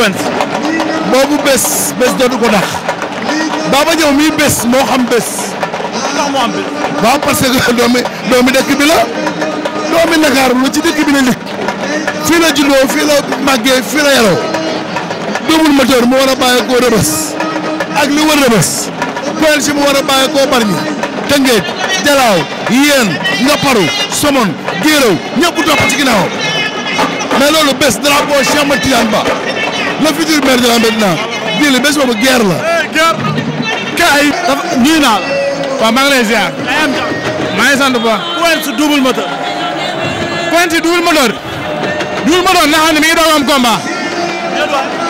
influence boobu bés bés dootu ko dax Baba Diaw mii bés moo xam bés. ndax moo am parce que doomi doomi bi la doomi Ndakaaru la ci dëkk bi la ligg fii la juddoo fii la màggee fii la yaroo double moteur mu war a bàyyi koo rëbës ak li wër rëbës poel si mu war a bàyyi koo Bargny Tëngéej Jalaaw Yeen Ngaparu Somone Géeraw ñëpp topp ci ginnaaw mais loolu bés drapeau Cheikh Matidiane Ba le futur maire de la Médina bii la bés boobu guerre la. Eh, guerre kaay. dafa nuyu maa ngi lay ziar. maa ngi sant bu baax. Quench double moteur. Quench double moteur. double moteur nga mi ngi doog am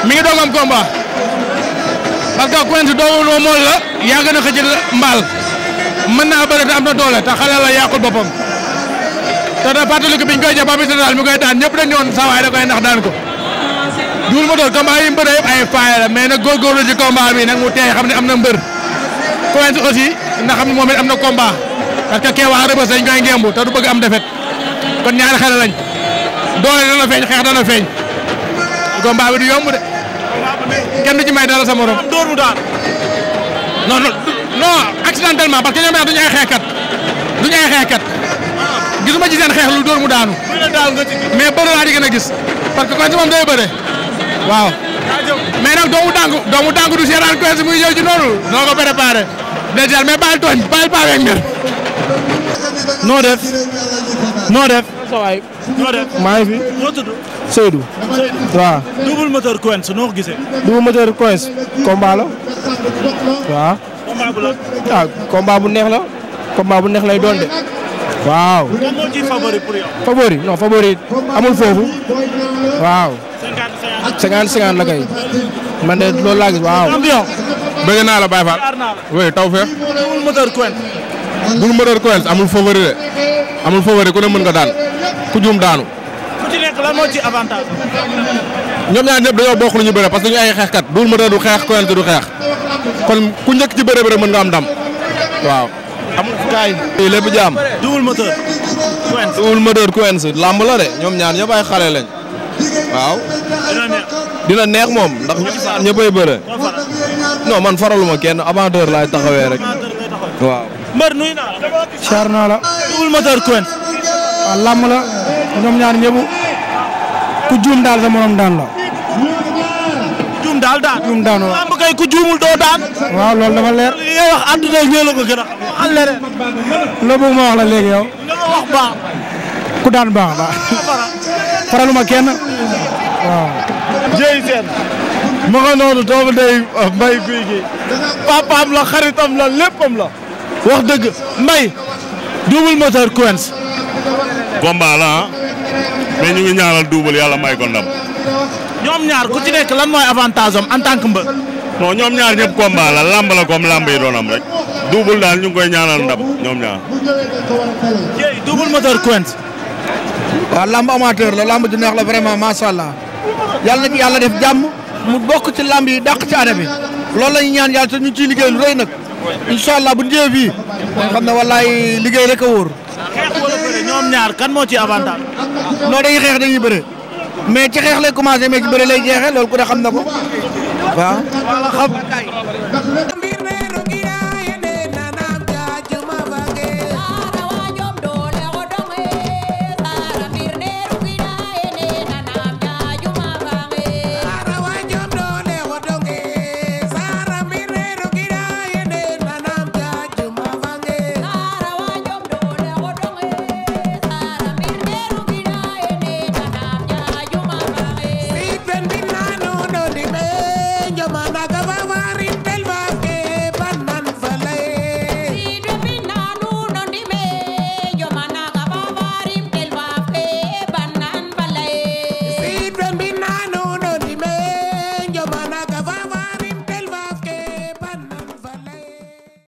mi ngi doog am combat. parce que Quench doomu mool la. yàgg na mbaal. mën naa bëri te am na la yàqul boppam. te da fàttaliku biñ koy jàpp bi daal mi koy daan ñëpp dañ ñëwoon saa waay da koy nax daan ko. Double Moteur combat yi mbër yëpp ay faay la mais nag góorgóorlu ci combat bi nag mu tey xam ne am na mbër Quench aussi na xam ne moom it am na combat parce que Kewa am xeex dana feeñ combat bi du yomb de kenn du ci may dara sa morom. door mu daan. non non non accidentellement parce que ñoom ñaar duñu ay xeexkat duñu ay xeexkat gisuma ci seen xeex lu door mu daanu. mais bëri laa di gën a gis parce que Quench moom day bëre. waaw. mais nag doomu dàngu doomu dàngu du seeraan Quench muy ñëw noo ko préparé. dèjà mais bàyyi tooñ bàyyi paa beeg ñun. noo noo def. noo def. maa ngi fi. waaw. double moteur Quench noo ko waaw. combat bu la. ah combat bu neex la. combat bu neex lay doon de. waaw. favori favori amul foofu waaw. 50 50 la kay man de loolu laa gis waaw. bëgg naa la Baye taw feex. bul moteur Coen. bul moteur Coen amul favori amul favori ku ne nga daan ku daanu. ku ci ñoom ñaar ñëpp dañoo bokk parce que ñu ay xeexkat bul moteur du xeex Coen du xeex kon ku njëkk nga am ndam waaw. amul kaay lépp jaam. duwul moteur. duwul moteur Coen lamb de ñoom ñaar ñëpp ay xale waaw. dina neex moom ndax ñëppay bëre. non man faraluma kenn amateur laay taxawee rek. waaw. mbër nuyu naa la. char naa la. Double Moteur la ñoom ñaar ñëpp ku daal sa morom daan la. juum daal daan waaw. làmb kay leer. li ma wax la léegi yow. ku daan baax na faraluma kenn waaw. Ndiéli Sène. ma doomu ndey Mbaye Guy gi papaam la xaritam la léppam la. wax dëgg Mbaye. double moteur Quench. combat la ah. mais ñu ngi ñaanal double yàlla may ko ndam. ñoom ñaar ku ci nekk lan mooy avantage am en tant que mbër. non ñoom ñaar ñëpp combat la lamb la comme rek. double daal ñu koy ñaanal ndam ñoom ñaar. jéey waaw lamb amateur la lamb ju neex la vraiment macha allah yàlla na ci yàlla def jàmm mu bokk ci lamb yi dàq ci année bi loolu la ñu ñaan yàlla te ñu ciy liggéey lu rëy nag allah bu njëwee fii xam ne wallaay liggéey rek a wóor. ñoom ñaar kan moo ci avantage. non dañuy xeex dañuy bëre mais ci xeex lay commencé mais ci bëre lay jeexee loolu ku ne xam na ko waaw.